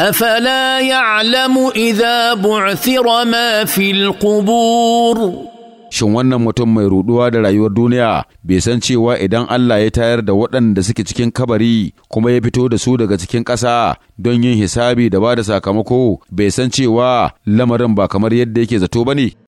افلا يعلم اذا بعثر ما في القبور shin wannan mutum mai ruɗuwa da rayuwar duniya bai san cewa idan Allah ya tayar da waɗanda suke cikin kabari kuma ya fito da su daga cikin ƙasa don yin hisabi da ba da sakamako bai san cewa lamarin ba kamar yadda yake zato ba ne?